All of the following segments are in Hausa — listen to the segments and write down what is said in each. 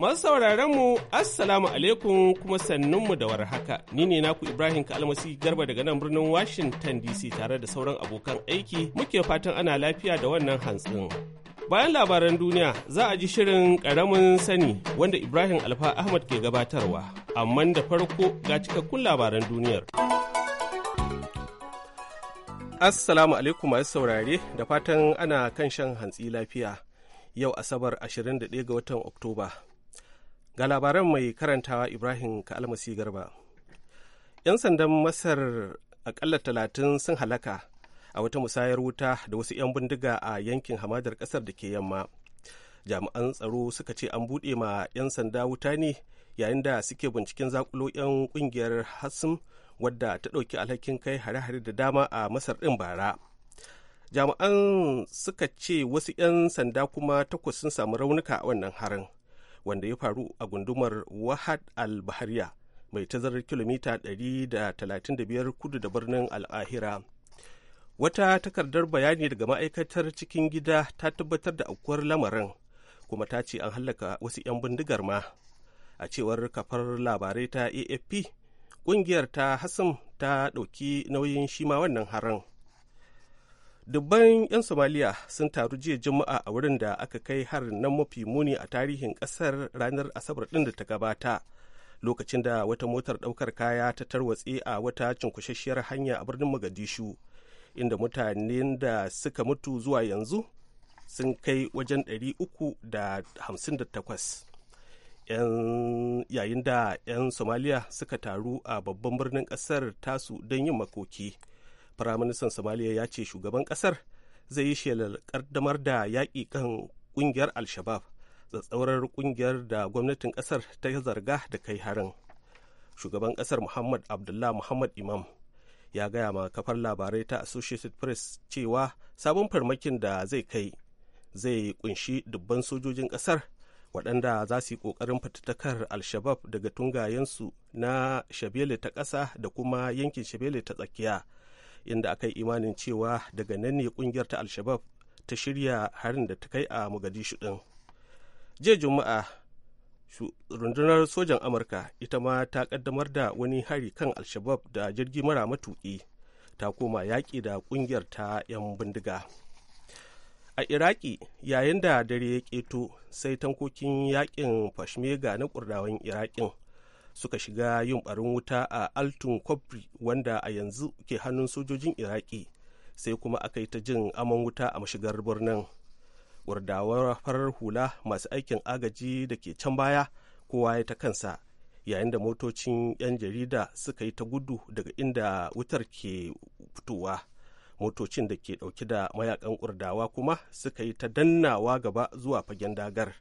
Masu sauraron mu Assalamu alaikum kuma sannunmu da warhaka. Ni ne naku Ibrahim Kalmasi Garba daga nan birnin Washington DC tare da sauran abokan aiki muke fatan ana lafiya da wannan hantsin. Bayan labaran duniya za a ji shirin ƙaramin sani wanda Ibrahim Alfa Ahmad ke gabatarwa, amma da farko ga cikakkun labaran duniyar. Assalamu alaikum masu saurare da fatan ana kan shan hantsi lafiya. Yau Asabar 21 ga watan Oktoba. Ga labaran mai karantawa Ibrahim Kalmasi Garba. 'Yan sandan Masar akalla talatin sun halaka a wata musayar wuta da wasu 'yan bindiga a yankin hamadar kasar da ke yamma jami'an tsaro suka ce an buɗe ma 'yan sanda wuta ne yayin da suke binciken zakulo 'yan kungiyar Hassan, wadda ta ɗauki alhakin kai hare-hare da dama a masar ɗin bara jami'an suka ce wasu 'yan sanda kuma takwas sun samu raunuka a wannan harin wanda ya faru a gundumar wahad al-bahariya mai tazarar kilomita 135 kudu da birnin al'ahira wata takardar bayani daga ma'aikatar cikin gida ta tabbatar da aukuwar lamarin kuma ta ce an hallaka wasu 'yan bindigar ma a cewar kafar labarai ta afp ƙungiyar ta hassan ta ɗauki nauyin shima wannan haran. dubban 'yan somaliya sun taru jiya juma'a a wurin da aka kai harin nan mafi muni a tarihin kasar ranar asabar din da ta gabata lokacin da wata motar daukar kaya ta tarwatse a wata cinkushasshiyar hanya a birnin magadishu inda mutanen da suka mutu zuwa yanzu sun kai wajen 358 yayin da 'yan somaliya suka taru a babban birnin kasar tasu don yin makoki firaministan somaliya ya ce shugaban kasar zai yi shelar kardamar da yaƙi kan ƙungiyar al-shabab tsatsaurar ƙungiyar da gwamnatin kasar ta zarga da kai harin shugaban kasar muhammad abdullah muhammad imam ya gaya ma kafar labarai ta associated press cewa sabon farmakin da zai kai zai kunshi dubban sojojin kasar waɗanda za su yi ƙoƙarin fatattakar al-shabab daga tungayensu na shabele ta ƙasa da kuma yankin shabele ta tsakiya inda aka yi imanin cewa daga nan ne kungiyar ta alshabab ta shirya harin da ta kai a mogadishu din jiya juma'a rundunar sojan amurka ita ma ta kaddamar da wani hari kan alshabab da jirgi mara matuki ta koma yaƙi da kungiyar ta 'yan bindiga a iraki yayin da dare ya keto sai tankokin yakin fashmega na kurdawan irakin suka shiga yin barin wuta a altun kobri wanda a yanzu ke hannun sojojin iraki sai kuma aka yi ta jin aman wuta a mashigar birnin wardawar farar hula masu aikin agaji da ke can baya kowa ya ta kansa yayin da motocin 'yan jarida suka yi ta gudu daga inda wutar ke fitowa motocin da ke dauki da mayakan kurdawa kuma suka yi ta dannawa gaba zuwa fagen dagar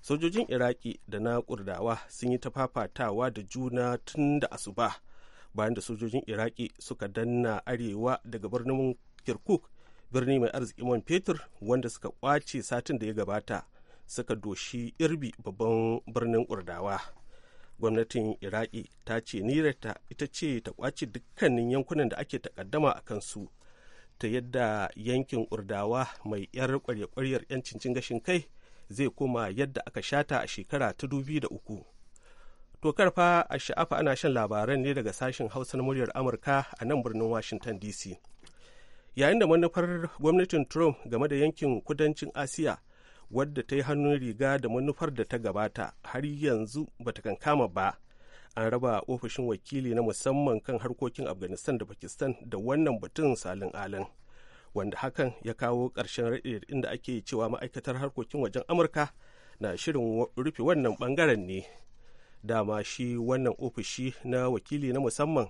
sojojin iraki da na kurdawa sun yi ta fafatawa da juna tun da asuba bayan da sojojin iraki suka danna arewa daga birnin kirkuk birni mai arziki man fetur wanda suka kwace satin da ya gabata suka doshi irbi babban birnin kurdawa gwamnatin iraki ta ce nirata ita ce ta kwace dukkanin yankunan da ake takaddama a kansu ta yadda yankin kurdawa mai 'yar kwarya-kwaryar 'yancin gashin kai zai koma yadda aka shata a shekara ta dubi da uku. Tokar fa a sha'afa ana shan labaran ne daga sashen Hausa muryar Amurka a nan birnin Washington DC. Yayin da manufar gwamnatin Trump game da yankin kudancin Asiya wadda ta yi hannun riga da manufar da ta gabata har yanzu bata kankama ba. An raba ofishin wakili na musamman kan harkokin Afghanistan da Pakistan da wannan batun salin alin. wanda hakan ya kawo ƙarshen raɗe inda ake cewa ma'aikatar harkokin wajen amurka na shirin rufe wannan ɓangaren ne dama shi wannan ofishi na wakili na musamman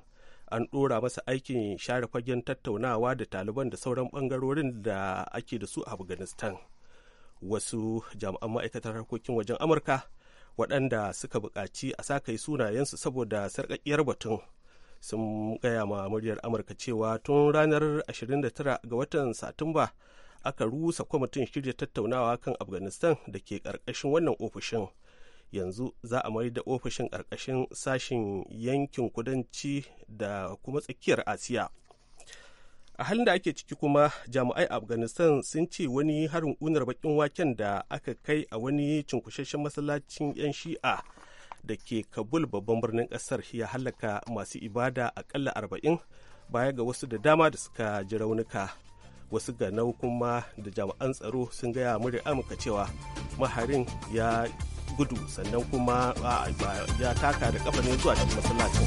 an ɗora masa aikin share fagen tattaunawa da taliban da sauran ɓangarorin da ake da su a afghanistan wasu jami'an ma'aikatar harkokin wajen amurka waɗanda suka buƙaci a sa kai sunayensu saboda sarƙaƙiyar batun sun gaya ma muryar amurka cewa tun ranar 29 ga watan satumba aka rusa kwamitin shirya tattaunawa kan afghanistan da ke karkashin wannan ofishin yanzu za a mai da ofishin karkashin sashen yankin kudanci da kuma tsakiyar asiya a halin da ake ciki kuma jami'ai afghanistan sun ce wani harin unar bakin waken da aka kai a wani cunkushashen masallacin 'yan shi'a da ke kabul babban birnin kasar ya halaka masu ibada akalla arba'in baya ga wasu da dama da suka ji raunuka wasu ga kuma da jami'an tsaro sun gaya murya amurka cewa maharin ya gudu sannan kuma ya taka da kafa ne zuwa cikin masallacin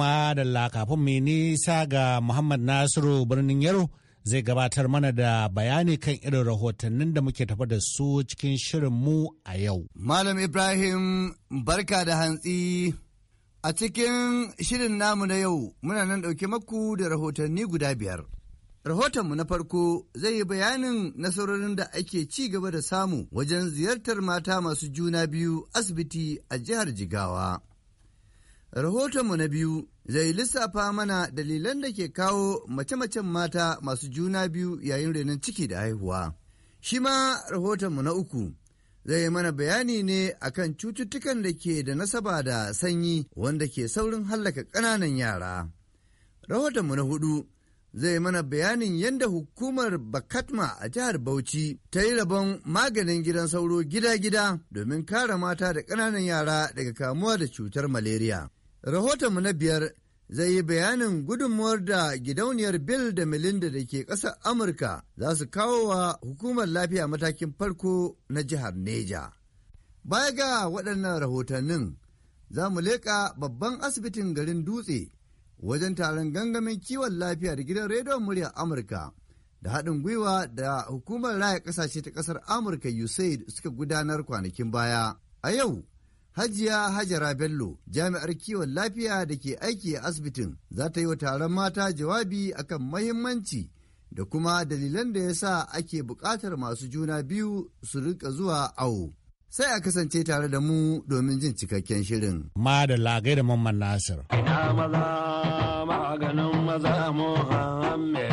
ma da lakafin mai nisa ga Muhammad Nasiru birnin Yaro zai gabatar mana da bayani kan irin rahotannin da muke tafa da su cikin shirin mu a yau. Malam Ibrahim barka da hantsi a cikin shirin namu na yau muna nan ɗauke maku da rahotanni guda biyar. Rahotonmu na farko zai yi bayanin nasarorin da ake ci gaba da samu wajen ziyartar mata masu juna biyu asibiti a jihar Jigawa. Rahotonmu na biyu zai lissafa mana dalilan da ke kawo mace-macen mata masu juna biyu yayin renon ciki da haihuwa. Shi ma rahotonmu na uku zai mana bayani ne akan cututtukan da ke da nasaba da sanyi wanda ke saurin hallaka ƙananan yara. Rahotonmu na hudu zai mana bayanin yadda hukumar Bakatma a jihar Bauchi ta yi rabon maganin gidan sauro gida-gida domin kare mata da ƙananan yara daga kamuwa da cutar malaria. Rahotonmu na biyar zai yi bayanin gudunmuwar da gidauniyar Bill da Melinda da ke ƙasar Amurka za su kawo wa hukumar lafiya matakin farko na jihar Neja. Baya ga waɗannan rahotannin, za mu leƙa babban asibitin garin Dutse wajen taron gangamin kiwon lafiya da gidan rediyon muryar Amurka da haɗin gwiwa da hukumar raya ƙasashe ta ƙasar Amurka USAID suka gudanar kwanakin baya. A yau, Hajiya Hajara Bello jami'ar kiwon lafiya da ke aiki a asibitin za ta yi wa taron mata jawabi akan mahimmanci da kuma dalilan da ya sa ake buƙatar masu juna biyu su rika zuwa awo. Sai a kasance tare da mu domin jin cikakken shirin. Ma da lagai da mamman Nasir. Ina maza maganin maza Muhammad.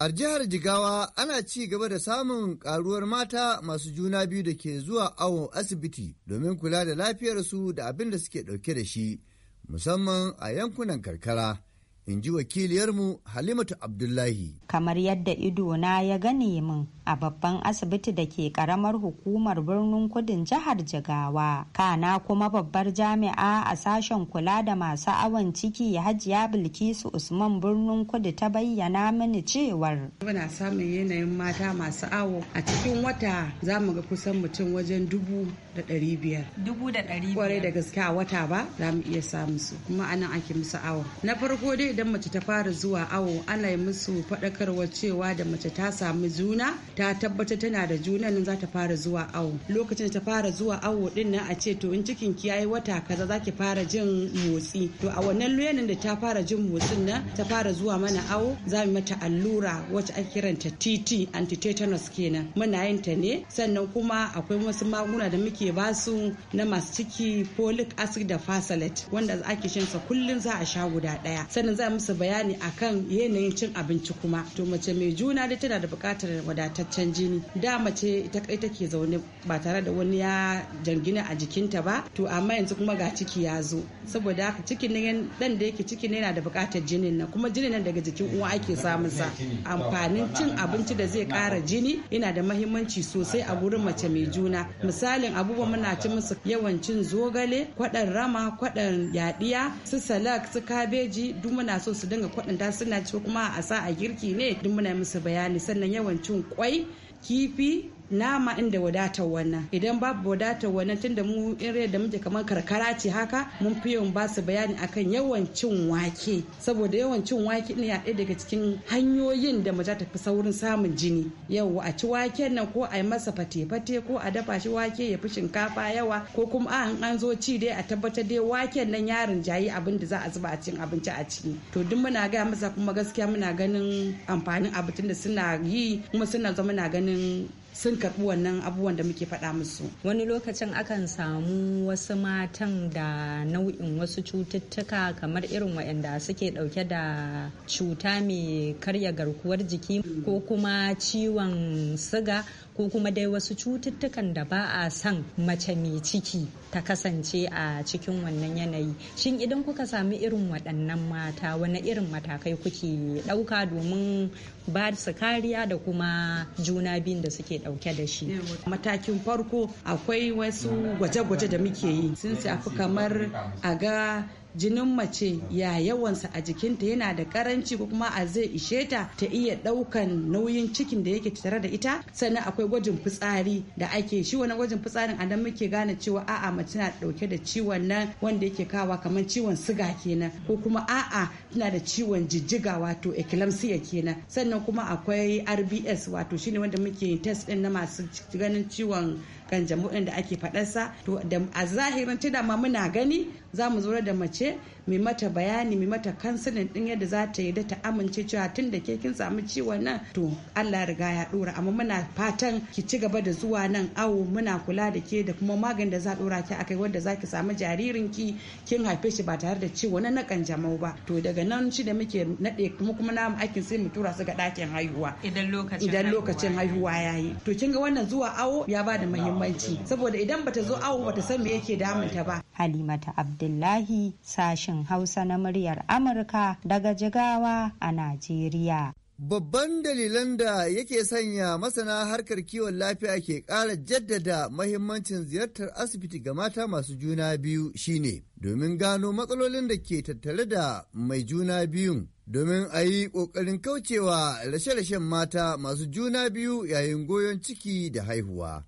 A jihar Jigawa ana ci gaba da samun karuwar mata masu juna biyu da ke zuwa awon asibiti domin kula da lafiyarsu da abin da suke dauke da shi, musamman a yankunan karkara. in ji wakiliyarmu halimatu abdullahi kamar yadda idona ya gani min a babban asibiti da ke karamar hukumar birnin kudin jihar jigawa kana kuma babbar jami'a a sashen kula da masu awon ciki hajiya bilkisu usman birnin kudu ta bayyana mini cewar muna samun yanayin mata masu awo a cikin wata za mu ga kusan mutum wajen dubu da ɗari biyar dubu da ɗari biyar da gaske a wata ba za mu iya samun su kuma anan ake musu awo na farko dai idan mace ta fara zuwa awo ana yi musu faɗakarwa cewa da mace ta samu juna ta tabbatar tana da juna nan za ta fara zuwa awo lokacin da ta fara zuwa awo din nan a ce to in cikin ki yayi wata kaza za ki fara jin motsi to a wannan loyanin da ta fara jin motsin nan ta fara zuwa mana awo za mu mata allura wacce ake kiranta TT antitetanus kenan muna yin ta ne sannan kuma akwai wasu maguna da muke basu na masu ciki folic acid da fasalate wanda ake shan sa kullum za a sha guda daya sannan za ƙara musu bayani akan yanayin cin abinci kuma to mace mai juna da tana da buƙatar wadataccen jini da mace ita kai take zaune ba tare da wani ya jangina a jikinta ba to amma yanzu kuma ga ciki ya zo saboda haka cikin nan dan da yake cikin yana da buƙatar jinin nan kuma jinin nan daga jikin uwa ake samun sa amfanin cin abinci da zai kara jini yana da mahimmanci sosai a gurin mace mai juna misalin abubuwa muna ci musu yawancin zogale kwaɗan rama kwaɗan yaɗiya su salak su kabeji duk muna so su dinga kwaɗanta suna cewa kuma a sa a girki ne duk muna musu bayani sannan yawan cin kwai kifi nama inda wadatar wannan idan babu wadatar wannan tunda mu in da muke kamar karkara ce haka mun fi yawan ba su bayani akan yawan cin wake saboda yawan cin wake ne a ɗaya daga cikin hanyoyin da za ta fi saurin samun jini yau a ci wake nan ko a yi masa fate-fate ko a dafa shi wake ya fi shinkafa yawa ko kuma an an zo ci dai a tabbatar dai wake nan yarin jayi abin da za a zuba a cikin abinci a ciki to duk muna gaya masa kuma gaskiya muna ganin amfanin abincin da suna yi kuma suna zama na ganin sun karɓi wannan abubuwan da muke faɗa musu wani lokacin akan samu wasu matan da nau'in wasu cututtuka kamar irin waɗanda suke ɗauke da cuta mai karya garkuwar jiki ko kuma ciwon siga ko kuma dai wasu cututtukan da ba a son mace mai ciki ta kasance a cikin wannan yanayi shin idan kuka sami irin waɗannan mata wani irin matakai kuke ɗauka domin ba su kariya da kuma juna biyun da suke ɗauke da shi matakin farko akwai wasu gwaje-gwaje da muke yi sun kamar a ga jinin mace ya yawansa a jikinta yana da karanci ko kuma a zai ishe ta ta iya daukan nauyin cikin da yake tare da ita sannan akwai gwajin fitsari da ake shi wani gwajin fitsarin a nan muke gane cewa a'a mace na dauke da ciwon nan wanda yake kawa kamar ciwon siga kenan ko kuma a'a tana da ciwon jijjiga wato eclampsia kenan sannan kuma akwai rbs wato shine wanda muke test din na masu ganin ciwon kan jamu'in da ake faɗarsa to a zahirin tuna ma muna gani za mu zo da mace mai mata bayani mai mata kansilin din yadda za ta yi da ta amince cewa tun da ke kin samu ciwon nan to Allah riga ya dora amma muna fatan ki ci gaba da zuwa nan awo muna kula da ke da kuma maganin da za dora ki akai wanda za ki samu jaririn ki kin haife shi ba tare da ciwo na kanjamau ba to daga nan shi da muke nade kuma kuma na aikin sai mu tura su ga dakin haihuwa idan lokacin idan lokacin haihuwa yayi to kin ga wannan zuwa awo ya bada muhimmanci saboda idan bata zo awo bata san me yake damunta ba halimata abdullahi sashin Hausa na muryar Amurka daga Jigawa a Najeriya. Babban dalilan da yake sanya masana harkar kiwon lafiya ke ƙara jaddada mahimmancin ziyartar asibiti ga mata masu juna biyu shine domin gano matsalolin da ke tattare da mai juna biyun domin a yi ƙoƙarin kaucewa rashe-rashen mata masu juna biyu yayin goyon ciki da haihuwa.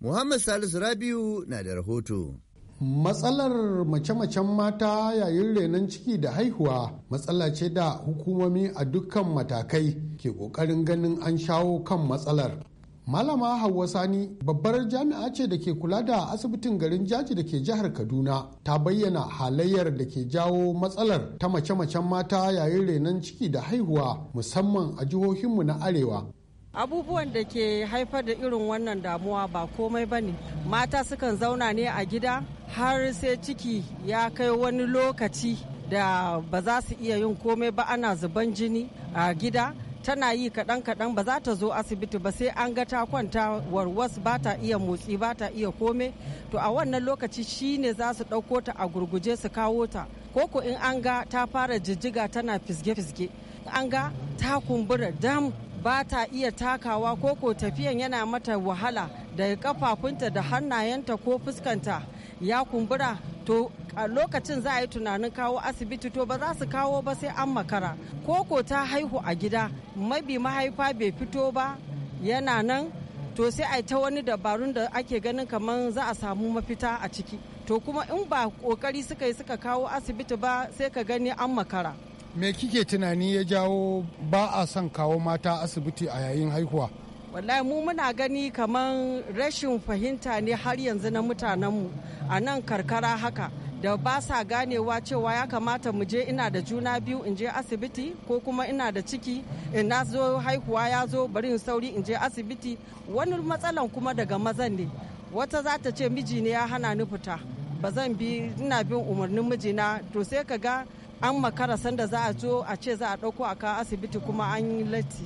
Muhammad Salisu Rabiu na da rahoto. matsalar mace-macen mata yayin renon ciki da haihuwa matsala ce da hukumomi a dukkan matakai ke ƙoƙarin ganin an shawo kan matsalar malama hauwa sani babbar jami'a ce da ke kula da asibitin garin jaji da ke jihar kaduna ta bayyana halayyar da ke jawo matsalar ta mace-macen mata yayin renon ciki da haihuwa musamman a jihohinmu na arewa abubuwan da ke haifar da irin wannan damuwa ba komai ba ne mata sukan zauna ne a gida har sai ciki ya kai wani lokaci da ba za su iya yin komai ba ana zuban jini a gida tana yi kaɗan-kaɗan ba za ta zo asibiti ba sai an ga ta kwanta warwas ba ta iya motsi ba ta iya kome to a wannan lokaci shine za su ɗauko ta a gurguje su kawo ta koko in an ga ta fara jijjiga tana fisge-fisge an ga ta kumbura dam ba ta iya takawa ko ko tafiyan yana mata wahala da kafafunta da hannayenta ko fuskanta ya kumbura to a lokacin za a yi tunanin kawo asibiti to ba za su kawo ba sai an makara ko ko ta haihu a gida mabi mahaifa bai fito ba yana nan to sai a ta wani dabarun da ake ganin kamar za a samu mafita a ciki to kuma in ba kokari suka yi suka kawo asibiti ba sai ka gani an makara me kike tunani ya jawo ba a son kawo mata asibiti a yayin haihuwa wallahi mu muna gani kamar rashin fahimta ne har yanzu na mutanenmu a nan karkara haka da ba sa ganewa cewa ya kamata mu je ina da juna biyu in je asibiti ko kuma ina da ciki in zo haihuwa ya zo bari sauri in je asibiti wani matsalan kuma daga mazan ne wata za ta ce miji ne ya hana ni fita ba zan bi ina bin umarnin mijina to sai ka ga an makara sanda za a zo a ce za a ɗauko a kawo asibiti kuma an yi latti.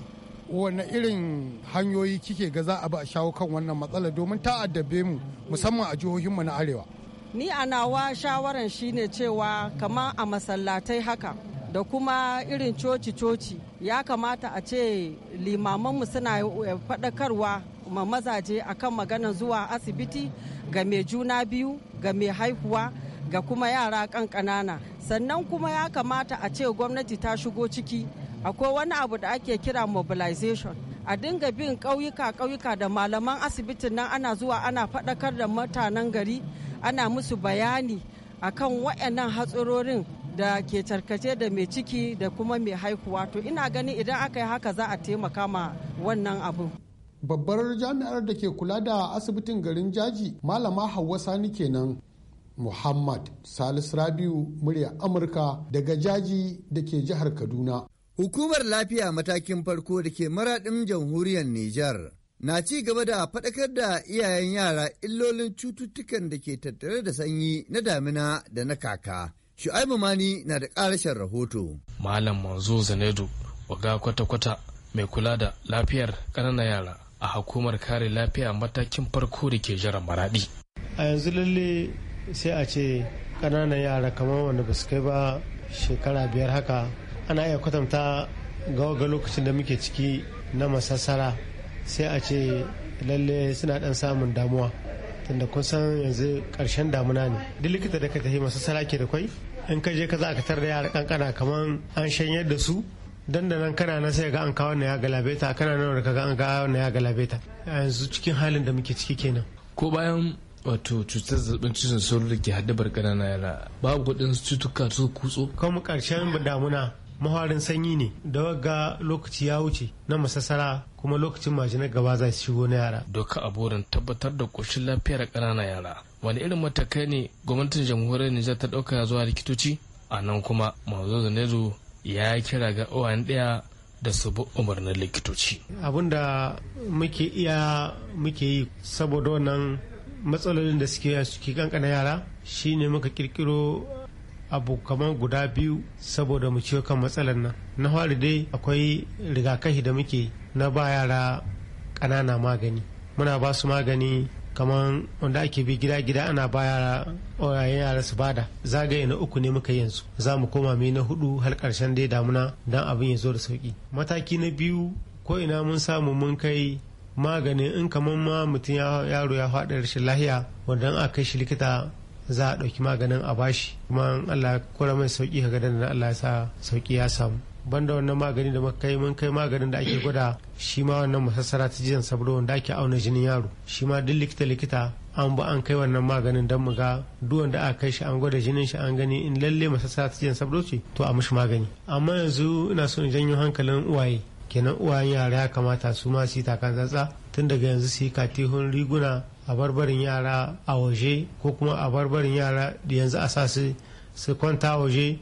Wane irin hanyoyi kike ga za a ba a shawo kan wannan matsala domin ta addabe mu musamman a jihohinmu na arewa. Ni a nawa shawaran shine cewa kamar a masallatai haka da kuma irin coci-coci ya kamata a ce limamanmu suna eh, faɗakarwa ma mazaje akan magana zuwa asibiti ga mai juna biyu ga mai haihuwa ga kuma yara kan sannan kuma ya kamata a ce gwamnati ta shigo ciki akwai wani abu da ake kira mobilization a dinga bin ƙauyuka ƙauyuka da malaman asibitin nan ana zuwa ana faɗakar da mutanen gari ana musu bayani akan waɗannan hatsarorin da ke tarkace da mai ciki da kuma mai haihuwa to ina ganin idan aka yi haka za a taimaka ma wannan abun. babbar jami'ar da ke kula da asibitin garin jaji malama hauwa sani kenan Muhammad Salisu Rabiu murya Amurka daga jaji da ke jihar Kaduna. Hukumar lafiya matakin farko da ke maraɗin jamhuriyar Nijar na ci gaba da faɗakar da iyayen yara illolin cututtukan da ke tattare da sanyi na damina da na kaka. Shu'aibu Mani na da ƙarashin rahoto. Malam Manzo Zanedu waga kwata-kwata mai kula da lafiyar ƙananan yara a hukumar kare lafiya matakin farko da ke jiran maraɗi. A yanzu lalle sai a ce ƙananan yara kamar wanda ba su kai ba shekara biyar haka ana iya kwatanta ga lokacin da muke ciki na masassara sai a ce lalle suna ɗan samun damuwa tunda kun san yanzu ƙarshen damuna ne duk likita da ka tafi masassara ke da kwai in ka je ka za ka da yara kankana kamar an shanyar da su dandanan kana na sai ga an kawo na ya galabeta kana nan da ka ga an kawo na ya galabeta yanzu cikin halin da muke ciki kenan ko bayan wato cutar zazzabin cizon sauro da ke haddabar ƙananan yara babu kuɗin cutuka su kutso kuma ƙarshen damuna maharin sanyi ne da ga lokaci ya wuce na masassara kuma lokacin majinar gaba za su shigo na yara doka a burin tabbatar da ƙoshin lafiyar ƙanana yara wani irin matakai ne gwamnatin jamhuriyar nijar ta ɗauka zuwa likitoci a nan kuma mazo zanezu ya kira ga owan ɗaya da su bi umarnin likitoci abinda muke iya muke yi saboda wannan matsalolin da suke suke kankana yara shine muka kirkiro abu kamar guda biyu saboda mu ciwo kan matsalar nan na fari dai akwai rigakafi da muke na ba yara ƙanana magani muna ba su magani kamar wanda ake bi gida gida ana ba yara orayen yara su bada zagaye na uku ne muka yanzu za mu koma mai na hudu har karshen dai damuna don abin ya zo da sauki mataki na biyu ko ina mun samu mun kai Magani in kamar ma mutum yaro ya faɗa rashin lahiya wanda a kai shi likita za a ɗauki maganin a bashi kuma Allah kura mai sauki ka gadan da Allah ya sa sauki ya samu banda wannan magani da muka kai mun kai maganin da ake gwada shi ma wannan masassara ta jiyan sabro wanda ake auna jinin yaro shi ma duk likita likita an ba an kai wannan maganin don mu ga duk wanda aka kai shi an gwada jinin shi an gani in lalle masassara ta jiyan sabro ce to a mishi magani amma yanzu ina so in janyo hankalin uwaye kenan uwayen yara ya kamata su ma su yi tsatsa tun daga yanzu su yi katihun riguna a barbarin yara a waje ko kuma a barbarin yara da yanzu a sa su su kwanta waje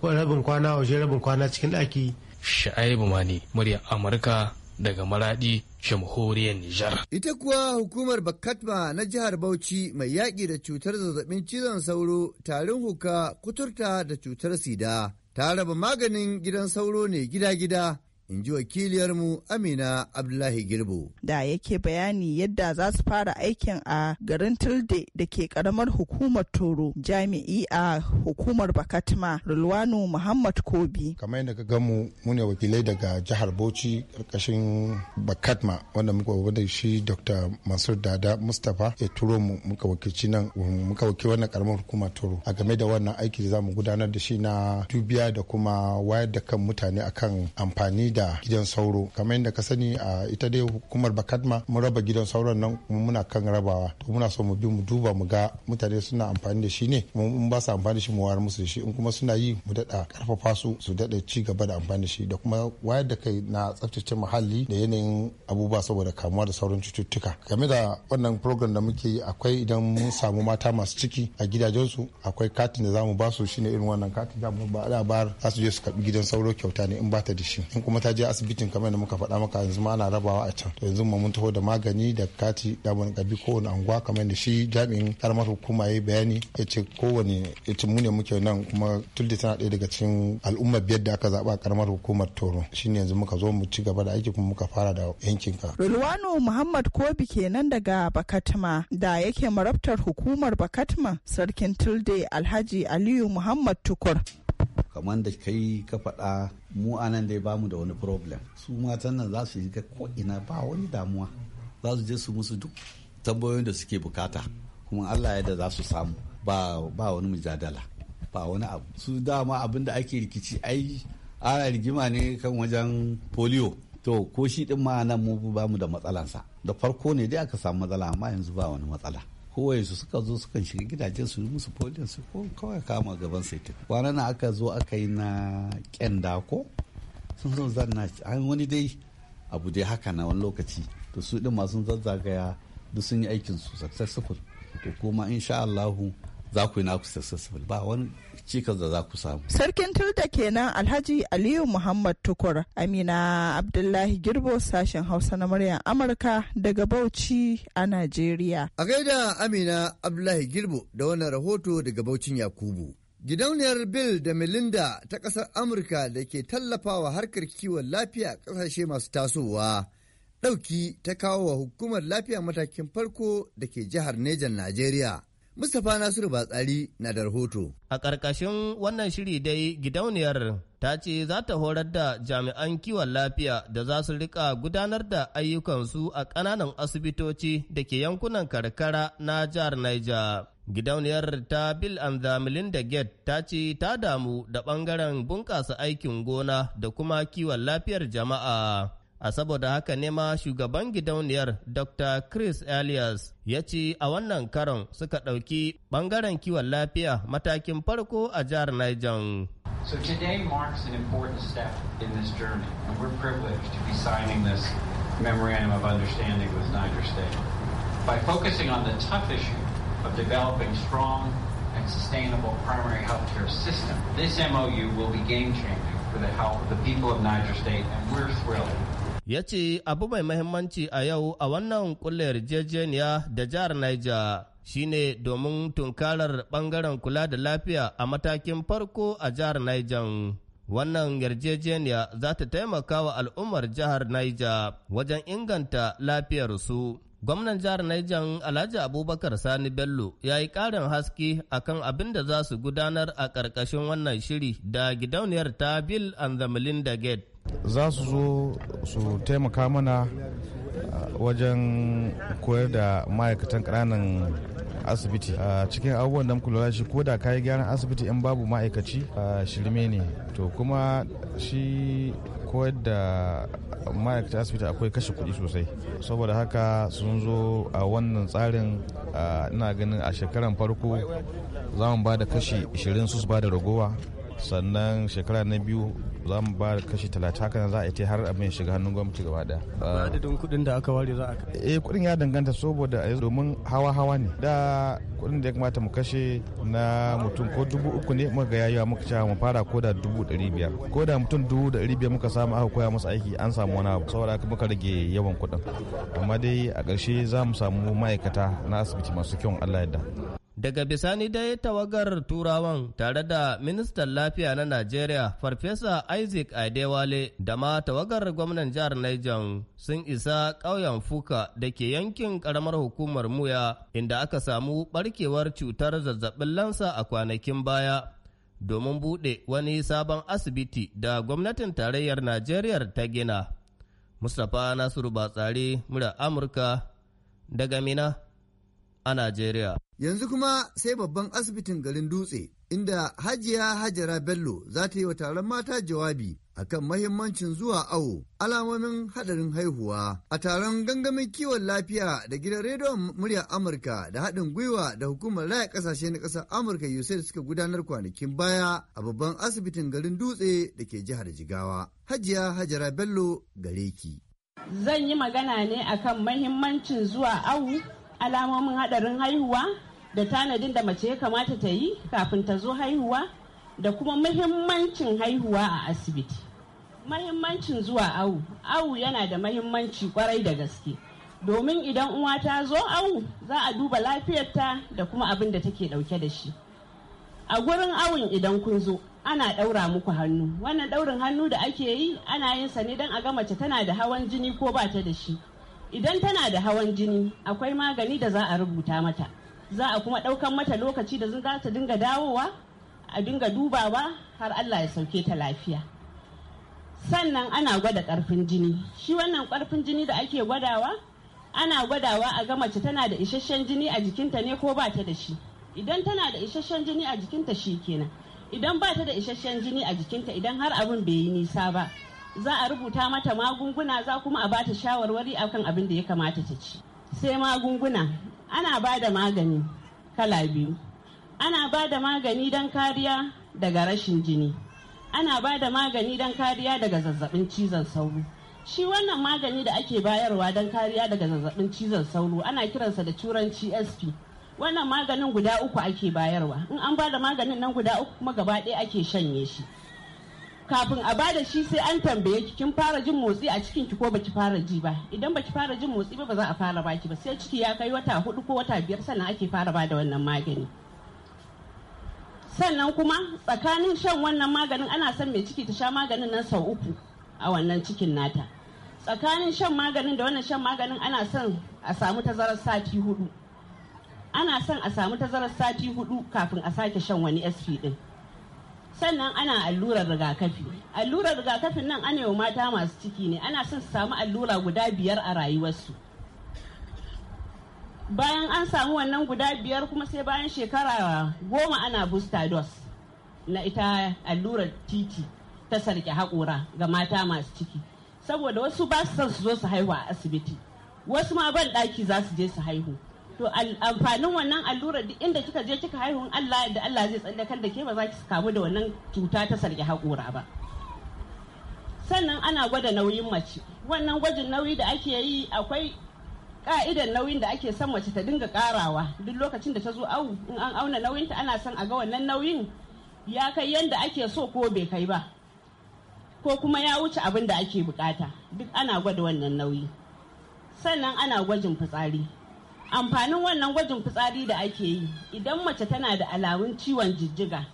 rabin kwana a waje rabin kwana cikin ɗaki. Sha'aibu Mani, murya Amurka daga Maradi, Jamhuriyar Nijar. Ita kuwa hukumar Bakatma na jihar Bauchi mai yaƙi da cutar zazzabin cizon sauro, tarin huka, kuturta da cutar sida. Ta raba maganin gidan sauro ne gida-gida in ji wakiliyarmu amina abdullahi girbo da yake bayani yadda za su fara aikin a garin tilde da ke karamar hukumar toro jami'i a hukumar bakatma rulwanu muhammad kobi kamar yadda ka gamu mu wakilai daga jihar bauchi karkashin bakatma wanda muka wadda shi dr masur dada mustapha ya turo mu muka wakilci nan muka wakil wannan karamar hukumar toro a game da wannan aiki da za mu gudanar da shi na dubiya da kuma wayar da kan mutane akan amfani da da gidan sauro kamar yadda ka sani a ita dai hukumar bakatma mun raba gidan sauron nan kuma muna kan rabawa to muna so mu bi mu duba mu ga mutane suna amfani da shi ne in ba su amfani da shi mu musu da shi in kuma suna yi mu daɗa karfafa su su daɗa ci gaba da amfani da shi da kuma wayar da kai na tsaftace muhalli da yanayin abubuwa saboda kamuwa da sauran cututtuka game da wannan program da muke yi akwai idan mun samu mata masu ciki a gidajensu akwai katin da za mu ba su shine irin wannan katin da mu ba za su je su karbi gidan sauro kyauta ne in ba ta da shi in kuma ta je asibitin kamar da muka faɗa maka yanzu ma ana rabawa a can to yanzu mu mun taho da magani da kati da mun ko kowane anguwa kamar da shi jami'in karamar hukuma ya bayani ya ce kowane ya ce mu ne muke nan kuma tulde tana ɗaya daga cikin al'ummar biyar da aka zaɓa karamar hukumar toro shine yanzu muka zo mu ci gaba da aiki kuma muka fara da yankin ka. Rulwano Muhammad Kobi kenan daga Bakatma da yake marabtar hukumar Bakatma sarkin tulde Alhaji Aliyu Muhammad Tukur. kamar da kai ka faɗa mu anan dai bamu da wani problem su matan nan za su shiga ko ina ba wani damuwa za su je su musu duk tambayoyin da suke bukata kuma allah yadda za su samu ba wani mujadala ba wani abu su dama abin da ake rikici ai ana rigima ne kan wajen polio to ko shi din ma nan mu ba mu da matsalansa da farko ne dai aka samu matsala amma yanzu ba wani matsala kowai su suka zo suka shiga gidajen su musu polin su ko kawai kama gaban sai tafi kwana na aka zo aka yi na kyanda ko sun zo zanna an wani dai abu dai haka na wani lokaci to su din masu zazzagaya duk sun yi aikin su successful to kuma insha Allahu za ku yi naku successful ba wani cikas da za ku samu. Sarkin tilda kenan Alhaji Aliyu Muhammad Tukur Amina Abdullahi Girbo sashen Hausa na muryar Amurka daga Bauchi a Najeriya. A gaida Amina Abdullahi Girbo da wannan rahoto daga Baucin Yakubu. Gidauniyar Bill da Melinda ta ƙasar Amurka da ke tallafawa harkar kiwon lafiya ƙasashe masu tasowa. Ɗauki ta kawo wa hukumar lafiya matakin farko da ke jihar Nejan Najeriya. Mustapha Nasiru Batsari na da rahoto. A ƙarƙashin wannan shiri dai gidauniyar ta ce za ta horar da jami'an kiwon lafiya da za su rika gudanar da ayyukansu a ƙananan asibitoci da ke yankunan karkara na jihar naija Gidauniyar ta Bill and the Melinda Gate ta ce ta damu da ɓangaren bunƙasa aikin gona da kuma kiwon lafiyar jama'a. a saboda haka nema shugaban gidauniyar dr chris elias ya ce a wannan karon suka ɗauki ɓangaren kiwon lafiya matakin farko a jihar niger So today marks an important step in this journey, and we're privileged to be signing this memorandum of understanding with Niger State. By focusing on the tough issue of developing strong and sustainable primary health care system, this MOU will be game-changing for the health of the people of Niger State, and we're thrilled ya ce abu mai mahimmanci a yau a wannan kulle yarjejeniya da jihar Niger shine domin tunkarar bangaren kula da lafiya a matakin farko a jihar Niger. Wannan yarjejeniya za ta taimaka wa al'ummar jihar Niger wajen inganta lafiyarsu. Gwamnan jihar Niger Alhaji Abubakar Sani Bello ya yi ƙarin haske akan abin da za su gudanar a ƙarƙashin wannan shiri da gidauniyar ta Bill and the Melinda Gate. Za su zo su taimaka mana wajen koyar da ma'aikatan ƙananan asibiti a cikin abubuwan da muka lura shi ko da kayi gyaran asibiti in babu ma'aikaci shirme ne to kuma shi koyar da ma'aikata asibiti akwai kashe kuɗi sosai saboda haka sun zo a wannan tsarin ina ganin a shekaran farko za mu ba da kashi 20 su ba da ragowa sannan shekara na biyu za mu ba da kashi talata haka za a yi har abin shiga hannun gwamnati gaba daya. adadin kuɗin da aka ware za a kai. eh kuɗin ya danganta saboda a domin hawa hawa ne da kuɗin da ya kamata mu kashe na mutum ko dubu uku ne muka ga yayiwa muka cewa mu fara ko da dubu ɗari biyar ko da mutum dubu ɗari biyar muka samu aka koya musu aiki an samu wani abu saboda haka muka rage yawan kuɗin amma dai a ƙarshe za mu samu ma'aikata na asibiti masu kyau Allah yadda. Daga bisani dai tawagar Turawan tare da ministan lafiya na Najeriya Farfesa Isaac Adewale da ma tawagar gwamnan jihar Niger sun isa ƙauyen Fuka da ke yankin ƙaramar hukumar Muya inda aka samu ɓarkewar cutar zazzabin lansa a kwanakin baya. Domin buɗe wani sabon asibiti da gwamnatin tarayyar Najeriya ta gina. Mustapha Nasiru Batsari, mura Amurka, daga Mina a Najeriya. Yanzu kuma sai babban asibitin garin Dutse, inda Hajiya Hajara Bello za ta yi wa taron mata jawabi akan mahimmancin zuwa awo alamomin hadarin haihuwa a taron gangamin kiwon lafiya da gidan rediyon muryar amurka da haɗin gwiwa da hukumar raya ƙasashe na ƙasar amurka usaid suka gudanar kwanakin baya a babban asibitin garin dutse da ke jihar jigawa hajiya hajara bello gare ki zan yi magana ne akan mahimmancin zuwa awu alamomin haɗarin haihuwa da tanadin da mace ya kamata ta yi kafin ta zo haihuwa da kuma mahimmancin haihuwa a asibiti mahimmancin zuwa awu awu yana da mahimmanci kwarai da gaske domin idan uwa ta zo awu za a duba lafiyarta da kuma abin da take dauke da shi a gurin awun idan kun zo ana daura muku hannu wannan daurin hannu da ake yi ana yin sa ne don a ga mace tana da hawan jini ko ba ta da shi idan tana da hawan jini akwai magani da za a rubuta mata za a kuma ɗaukan mata lokaci da za ta dinga dawowa a dinga dubawa har Allah ya sauke ta lafiya sannan ana gwada ƙarfin jini shi wannan ƙarfin jini da ake gwadawa ana gwadawa a ga mace tana da isasshen jini a jikinta ne ko ba ta da shi idan tana da isasshen jini a jikinta shi kenan idan ba ta da isasshen jini a jikinta idan har abin bai yi nisa ba za a rubuta mata magunguna za kuma a bata shawarwari akan abin da ya kamata ta ci sai magunguna ana ba da magani kala biyu ana ba da magani don kariya daga rashin jini ana ba da magani don kariya daga zazzabin cizon sauro shi wannan magani da ake bayarwa don kariya daga zazzabin cizon sauro ana kiransa da turanci sp wannan maganin guda uku ake bayarwa in an ba da maganin nan guda uku kuma gaba ɗaya ake shanye shi kafin a bada shi sai an tambaye ki kin fara jin motsi a cikin ki ko baki fara ji ba idan baki fara jin motsi ba ba za a fara baki ba sai ciki ya kai wata hudu ko wata biyar sannan ake fara bada wannan magani sannan kuma tsakanin shan wannan maganin ana son mai ciki ta sha maganin nan sau uku a wannan cikin nata tsakanin shan maganin da wannan shan maganin ana son a samu tazarar sati hudu ana son a samu tazarar sati hudu kafin a sake shan wani sp din sannan ana allurar rigakafi allurar rigakafin nan ana yi mata masu ciki ne ana son su samu allura guda biyar a rayuwarsu bayan an samu wannan guda biyar kuma sai bayan shekara goma ana booster dos na ita allurar titi ta sarki haƙora ga mata masu ciki saboda wasu ba su son su zo su haihu a asibiti wasu ma ban ɗaki za su je su haihu to amfanin wannan allura duk inda kika je kika haihu Allah da Allah zai tsallakar da ke ba za ki kamu da wannan cuta ta sarki haƙora ba sannan ana gwada nauyin mace wannan gwajin nauyi da ake yi akwai ka'idan nauyin da ake son mace ta dinga karawa duk lokacin da ta zo awu in an auna nauyinta ana son a ga wannan nauyin ya kai yadda ake so ko bai kai ba ko kuma ya wuce abin da ake bukata duk ana gwada wannan nauyi sannan ana gwajin fitsari amfanin wannan gwajin fitsari da ake yi idan mace tana da alamun ciwon jijjiga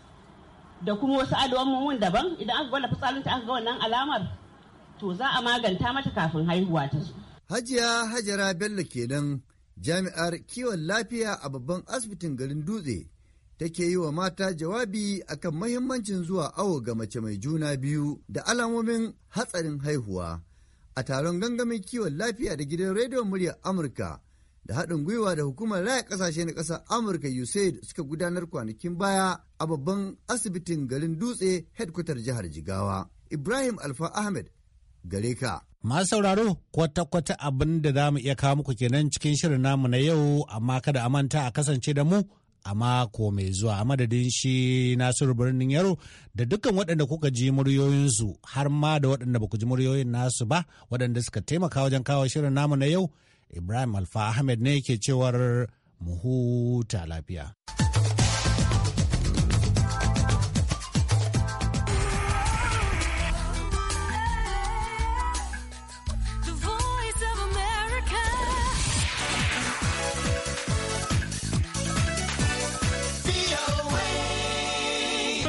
da kuma wasu alamomin daban idan aka gwada fitsarinta aka ga wannan alamar to za a maganta mata kafin haihuwa ta zo. Hajiya Hajara Bello kenan jami'ar kiwon lafiya a babban asibitin garin Dutse take yi wa mata jawabi akan mahimmancin zuwa awo ga mace mai juna biyu da alamomin hatsarin haihuwa a taron gangamin kiwon lafiya da gidan rediyon muryar Amurka da haɗin gwiwa da hukumar raya ƙasashe na ƙasar amurka usaid suka gudanar kwanakin baya a babban asibitin garin dutse hedkwatar jihar jigawa ibrahim alfa ahmed gare ka masu sauraro kwata-kwata abin da za mu iya kawo muku kenan cikin shirin namu na yau amma kada a manta a kasance da mu a mako mai zuwa a madadin shi nasiru birnin yaro da dukkan waɗanda kuka ji muryoyinsu har ma da waɗanda ba ku ji muryoyin nasu ba waɗanda suka taimaka wajen kawo shirin namu na yau Ibrahim Alfa Ahmed ne ke cewar mu huta lafiya.